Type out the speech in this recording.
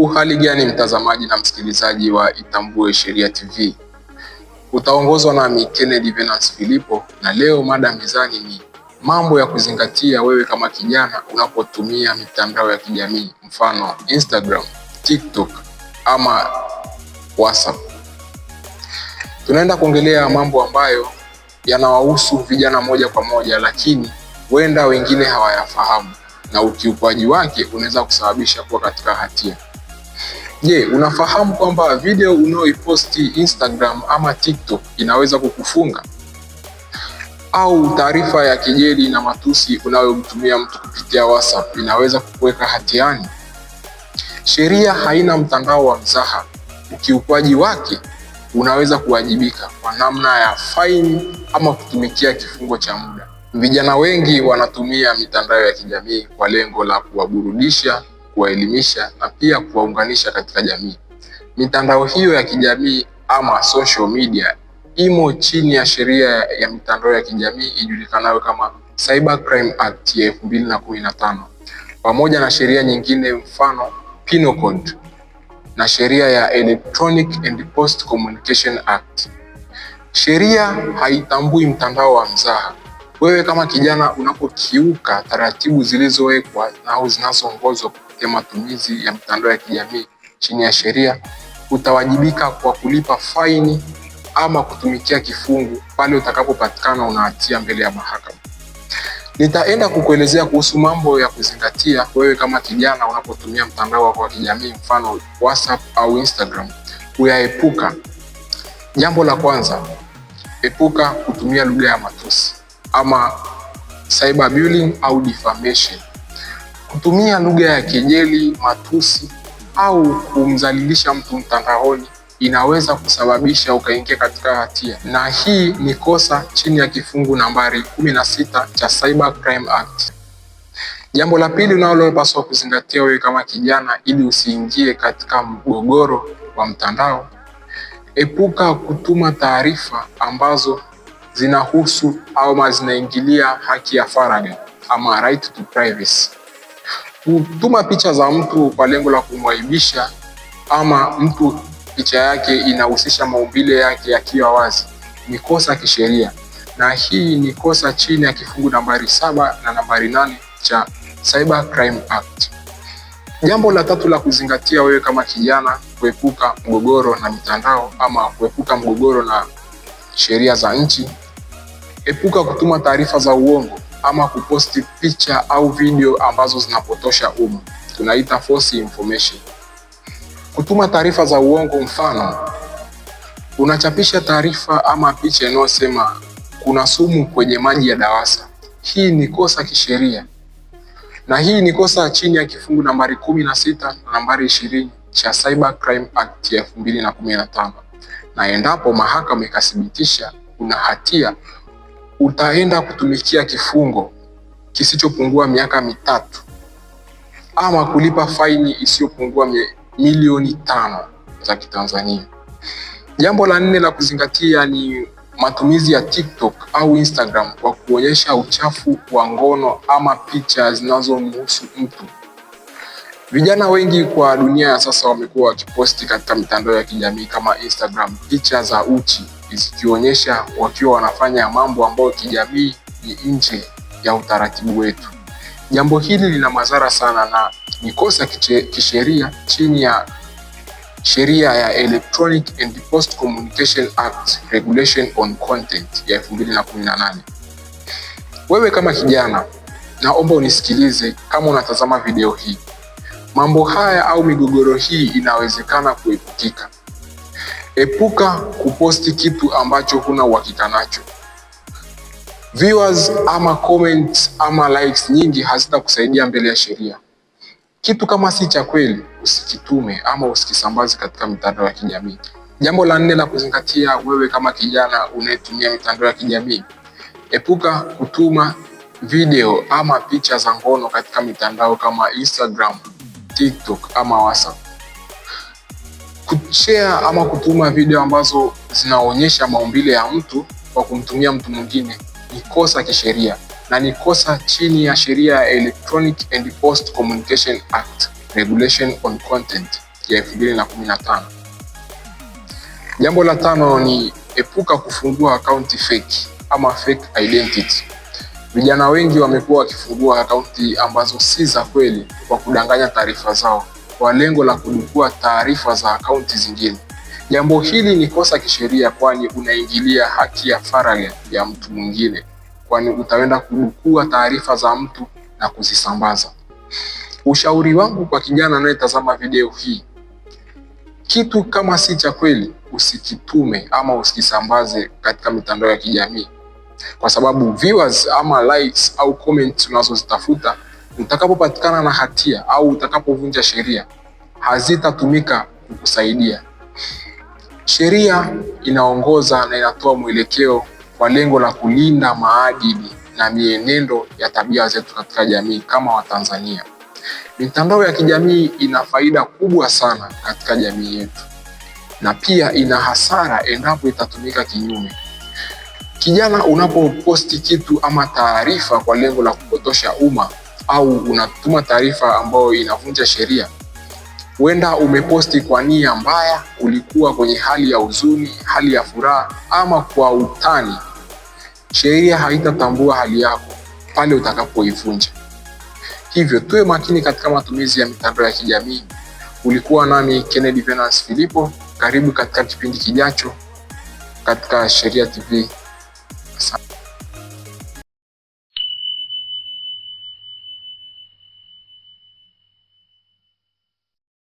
Uhali gani mtazamaji na msikilizaji wa Itambue Sheria TV, utaongozwa nami Kennedy Venance Filipo, na leo mada mezani ni mambo ya kuzingatia wewe kama kijana unapotumia mitandao ya kijamii, mfano Instagram, TikTok ama WhatsApp. Tunaenda kuongelea mambo ambayo yanawahusu vijana moja kwa moja, lakini huenda wengine hawayafahamu na ukiukwaji wake unaweza kusababisha kuwa katika hatia. Je, unafahamu kwamba video unayoiposti Instagram ama TikTok inaweza kukufunga? Au taarifa ya kejeli na matusi unayomtumia mtu kupitia WhatsApp inaweza kukuweka hatiani? Sheria haina mtandao wa mzaha. Ukiukwaji wake unaweza kuwajibika kwa namna ya faini ama kutumikia kifungo cha muda. Vijana wengi wanatumia mitandao ya kijamii kwa lengo la kuwaburudisha kuwaelimisha na pia kuwaunganisha katika jamii. Mitandao hiyo ya kijamii ama social media imo chini ya sheria ya mitandao ya kijamii ijulikanayo kama Cyber Crime Act ya 2015 pamoja na sheria nyingine, mfano Penal Code na sheria ya Electronic and Post Communication Act. Sheria haitambui mtandao wa mzaha wewe kama kijana unapokiuka taratibu zilizowekwa au zinazoongozwa kupitia matumizi ya mitandao ya kijamii chini ya sheria, utawajibika kwa kulipa faini ama kutumikia kifungu pale utakapopatikana unaatia mbele ya mahakama. Nitaenda kukuelezea kuhusu mambo ya kuzingatia wewe kama kijana unapotumia mtandao wako wa kijamii, mfano WhatsApp au Instagram, kuyaepuka. Jambo la kwanza, epuka kutumia lugha ya matusi ama cyberbullying au defamation. Kutumia lugha ya kejeli, matusi au kumdhalilisha mtu mtandaoni inaweza kusababisha ukaingia katika hatia, na hii ni kosa chini ya kifungu nambari 16 cha Cyber Crime Act. Jambo la pili unalopaswa kuzingatia wewe kama kijana ili usiingie katika mgogoro wa mtandao, epuka kutuma taarifa ambazo zinahusu ama zinaingilia haki ya faraga ama right to privacy. Kutuma picha za mtu kwa lengo la kumwaibisha ama mtu picha yake inahusisha maumbile yake yakiwa wazi ni kosa kisheria, na hii ni kosa chini ya kifungu nambari saba na nambari nane cha Cyber Crime Act. Jambo la tatu la kuzingatia wewe kama kijana, kuepuka mgogoro na mitandao ama kuepuka mgogoro na sheria za nchi. Epuka kutuma taarifa za uongo ama kuposti picha au video ambazo zinapotosha umma, tunaita false information. Kutuma taarifa za uongo, mfano unachapisha taarifa ama picha inayosema kuna sumu kwenye maji ya Dawasa. Hii ni kosa kisheria na hii ni kosa chini ya kifungu nambari kumi na sita na nambari ishirini cha Cyber Crime Act ya elfu mbili na kumi na tano na endapo mahakama ikathibitisha una hatia, utaenda kutumikia kifungo kisichopungua miaka mitatu ama kulipa faini isiyopungua milioni tano za Kitanzania. Jambo la nne la kuzingatia ni matumizi ya TikTok au Instagram kwa kuonyesha uchafu wa ngono ama picha zinazomhusu mtu Vijana wengi kwa dunia ya sasa wamekuwa wakiposti katika mitandao ya kijamii kama Instagram picha za uchi zikionyesha wakiwa wanafanya mambo ambayo kijamii ni nje ya utaratibu wetu. Jambo hili lina madhara sana na ni kosa kisheria chini ya sheria ya Electronic and Post Communication Act Regulation on Content ya 2018. Wewe kama kijana, naomba unisikilize kama unatazama video hii Mambo haya au migogoro hii inawezekana kuepukika. Epuka kuposti kitu ambacho huna uhakika nacho. Viewers ama comments ama likes nyingi hazitakusaidia mbele ya sheria. Kitu kama si cha kweli usikitume ama usikisambaze katika mitandao ya kijamii. Jambo la nne la kuzingatia, wewe kama kijana unayetumia mitandao ya kijamii, epuka kutuma video ama picha za ngono katika mitandao kama Instagram, TikTok ama WhatsApp, kushare ama kutuma video ambazo zinaonyesha maumbile ya mtu kwa kumtumia mtu mwingine ni kosa kisheria na ni kosa chini ya sheria ya Electronic and Post Communication Act Regulation on Content ya 2015. Jambo la tano ni epuka kufungua akaunti fake ama fake identity. Vijana wengi wamekuwa wakifungua akaunti ambazo si za kweli kwa kudanganya taarifa zao kwa lengo la kudukua taarifa za akaunti zingine. Jambo hili ni kosa kisheria, kwani unaingilia haki ya faragha ya mtu mwingine, kwani utaenda kudukua taarifa za mtu na kuzisambaza. Ushauri wangu kwa kijana anayetazama video hii, kitu kama si cha kweli usikitume ama usikisambaze katika mitandao ya kijamii kwa sababu viewers ama likes au comments unazozitafuta utakapopatikana na hatia au utakapovunja sheria hazitatumika kukusaidia. Sheria inaongoza na inatoa mwelekeo kwa lengo la kulinda maadili na mienendo ya tabia zetu katika jamii kama Watanzania. Mitandao ya kijamii ina faida kubwa sana katika jamii yetu na pia ina hasara endapo itatumika kinyume. Kijana, unapoposti kitu ama taarifa kwa lengo la kupotosha umma au unatuma taarifa ambayo inavunja sheria, huenda umeposti kwa nia mbaya, ulikuwa kwenye hali ya huzuni, hali ya furaha ama kwa utani, sheria haitatambua hali yako pale utakapoivunja. Hivyo tuwe makini katika matumizi ya mitandao ya kijamii. Ulikuwa nami Kennedy Venance Filipo, karibu katika kipindi kijacho katika Sheria TV.